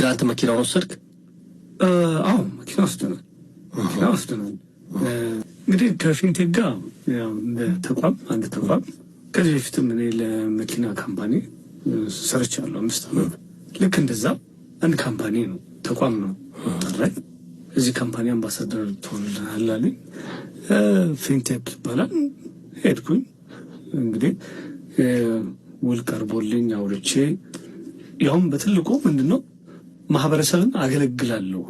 ግን አንተ መኪናውን ወሰድክ? አዎ መኪና ውስጥ ነው መኪና ውስጥ ነው። እንግዲህ ከፊንቴክ ጋር ተቋም አንድ ተቋም ከዚህ በፊትም እኔ ለመኪና ካምፓኒ ሰርቻለሁ አምስት ዓመት። ልክ እንደዛ አንድ ካምፓኒ ነው ተቋም ነው ጠራኝ። እዚህ ካምፓኒ አምባሳደር ትሆንልሃል አለኝ። ፊንቴክ ይባላል። ሄድኩኝ እንግዲህ ውል ቀርቦልኝ አውርቼ ያውም በትልቁ ምንድን ነው ማህበረሰብን አገለግላለሁ።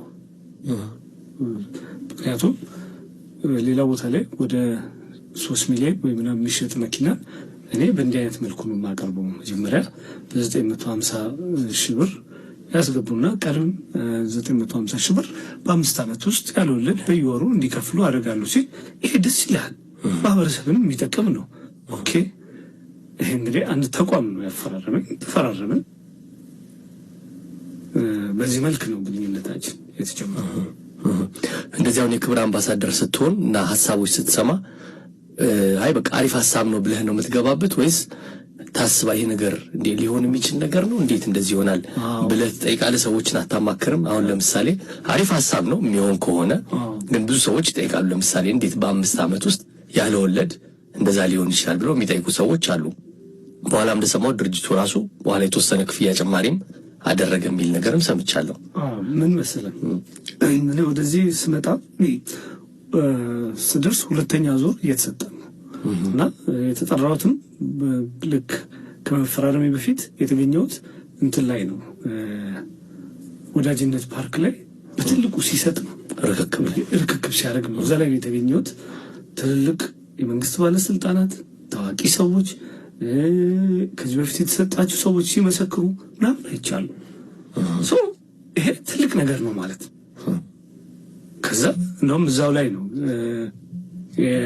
ምክንያቱም ሌላ ቦታ ላይ ወደ ሶስት ሚሊዮን ወይ ምናምን የሚሸጥ መኪና እኔ በእንዲህ አይነት መልኩ ነው የማቀርበው። መጀመሪያ በዘጠኝ መቶ ሀምሳ ሺህ ብር ያስገቡና ቀሪውን ዘጠኝ መቶ ሀምሳ ሺህ ብር በአምስት ዓመት ውስጥ ያልወለድ በየወሩ እንዲከፍሉ አደርጋለሁ ሲል ይሄ ደስ ይላል ማህበረሰብን የሚጠቅም ነው። ኦኬ ይሄ እንግዲህ አንድ ተቋም ነው ያፈራረመኝ ተፈራረመን በዚህ መልክ ነው ግንኙነታችን የተጀመረ። እንደዚህ አሁን የክብር አምባሳደር ስትሆን እና ሀሳቦች ስትሰማ አይ በቃ አሪፍ ሀሳብ ነው ብለህ ነው የምትገባበት ወይስ ታስባ ይሄ ነገር እንዴ ሊሆን የሚችል ነገር ነው እንዴት እንደዚህ ይሆናል ብለህ ትጠይቃለህ? ሰዎችን አታማክርም? አሁን ለምሳሌ አሪፍ ሀሳብ ነው የሚሆን ከሆነ ግን ብዙ ሰዎች ይጠይቃሉ። ለምሳሌ እንዴት በአምስት ዓመት ውስጥ ያለ ወለድ እንደዛ ሊሆን ይችላል ብለው የሚጠይቁ ሰዎች አሉ። በኋላ እንደሰማው ድርጅቱ ራሱ በኋላ የተወሰነ ክፍያ ጭማሪም አደረገ የሚል ነገርም ሰምቻለሁ። ምን መሰለህ እኔ ወደዚህ ስመጣ ስደርስ ሁለተኛ ዙር እየተሰጠ እና የተጠራሁትም ልክ ከመፈራረሜ በፊት የተገኘሁት እንትን ላይ ነው ወዳጅነት ፓርክ ላይ በትልቁ ሲሰጥ ነው ርክክብ ሲያደርግ ነው። እዛ ላይ የተገኘሁት። ትልልቅ የመንግስት ባለስልጣናት፣ ታዋቂ ሰዎች ከዚህ በፊት የተሰጣችሁ ሰዎች ሲመሰክሩ ምናምን አይቻሉ። ይሄ ትልቅ ነገር ነው ማለት ከዛ እንደውም እዛው ላይ ነው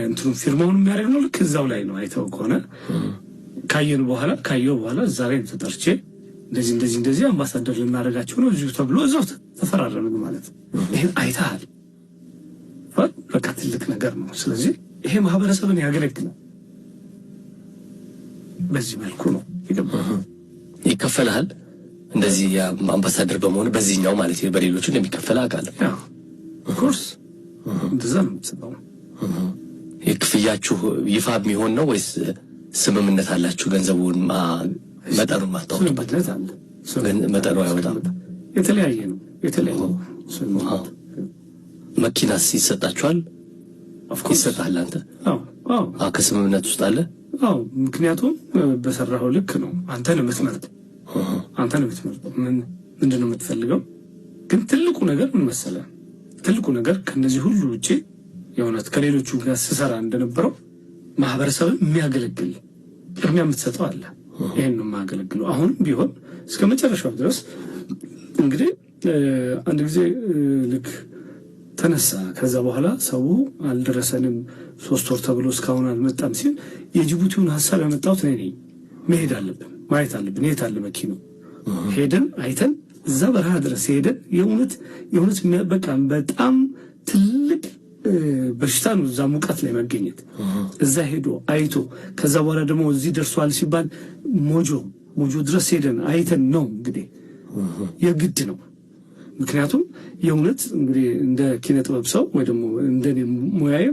እንትኑ ፊርማውን የሚያደርግ ነው። ልክ እዛው ላይ ነው አይተው ከሆነ ካየን በኋላ ካየው በኋላ እዛ ላይ ተጠርቼ እንደዚህ እንደዚህ እንደዚህ አምባሳደር ልናደርጋቸው ነው እዚሁ ተብሎ እዛው ተፈራረምን ማለት ይህን አይተሃል። በቃ ትልቅ ነገር ነው። ስለዚህ ይሄ ማህበረሰብን ያገለግላል። በዚህ መልኩ ነው የገባው። ይከፈልሃል እንደዚህ አምባሳደር በመሆን በዚህኛው ማለት በሌሎቹ እንደሚከፈል አውቃለሁ። ኮርስ እንደዛ ነው። የክፍያችሁ ይፋ የሚሆን ነው ወይስ ስምምነት አላችሁ? ገንዘቡን መጠኑን ማስታወቅበት መጠኑ አይወጣም። የተለያየ ነው የተለያየ መኪናስ ይሰጣችኋል? ይሰጣል። አንተ ከስምምነት ውስጥ አለ አዎ ምክንያቱም በሰራው ልክ ነው። አንተ የምትመርጥ አንተን የምትመርጥ ምንድን ነው የምትፈልገው? ግን ትልቁ ነገር ምን መሰለ፣ ትልቁ ነገር ከነዚህ ሁሉ ውጭ የእውነት ከሌሎቹ ጋር ስሰራ እንደነበረው ማህበረሰብን የሚያገለግል ቅድሚያ የምትሰጠው አለ። ይህን ነው የማገለግለው። አሁንም ቢሆን እስከ መጨረሻው ድረስ እንግዲህ አንድ ጊዜ ልክ ተነሳ። ከዛ በኋላ ሰው አልደረሰንም ሶስት ወር ተብሎ እስካሁን አልመጣም ሲል የጅቡቲውን ሀሳብ ያመጣሁት እኔ ነኝ። መሄድ አለብን፣ ማየት አለብን። የት አለ መኪናው? ሄደን አይተን እዛ በረሃ ድረስ ሄደን የእውነት የእውነት በቃ በጣም ትልቅ በሽታ ነው እዛ ሙቀት ላይ መገኘት። እዛ ሄዶ አይቶ ከዛ በኋላ ደግሞ እዚህ ደርሷል ሲባል ሞጆ ሞጆ ድረስ ሄደን አይተን ነው እንግዲህ የግድ ነው ምክንያቱም የእውነት እንግዲህ እንደ ኪነ ጥበብ ሰው ወይ ደግሞ እንደ ሙያዬ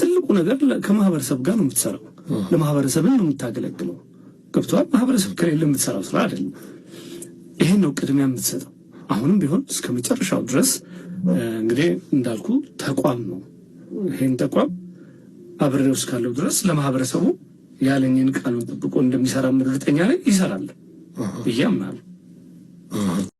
ትልቁ ነገር ከማህበረሰብ ጋር ነው የምትሰራው፣ ለማህበረሰብን ነው የምታገለግለው። ገብተዋል። ማህበረሰብ ከሌለ የምትሰራው ስራ አይደለም። ይሄን ነው ቅድሚያ የምትሰጠው። አሁንም ቢሆን እስከ መጨረሻው ድረስ እንግዲህ እንዳልኩ ተቋም ነው። ይህን ተቋም አብሬው እስካለው ድረስ ለማህበረሰቡ ያለኝን ቃሉን ጠብቆ እንደሚሰራ እርግጠኛ ላይ ይሰራል ብዬ አምናለሁ።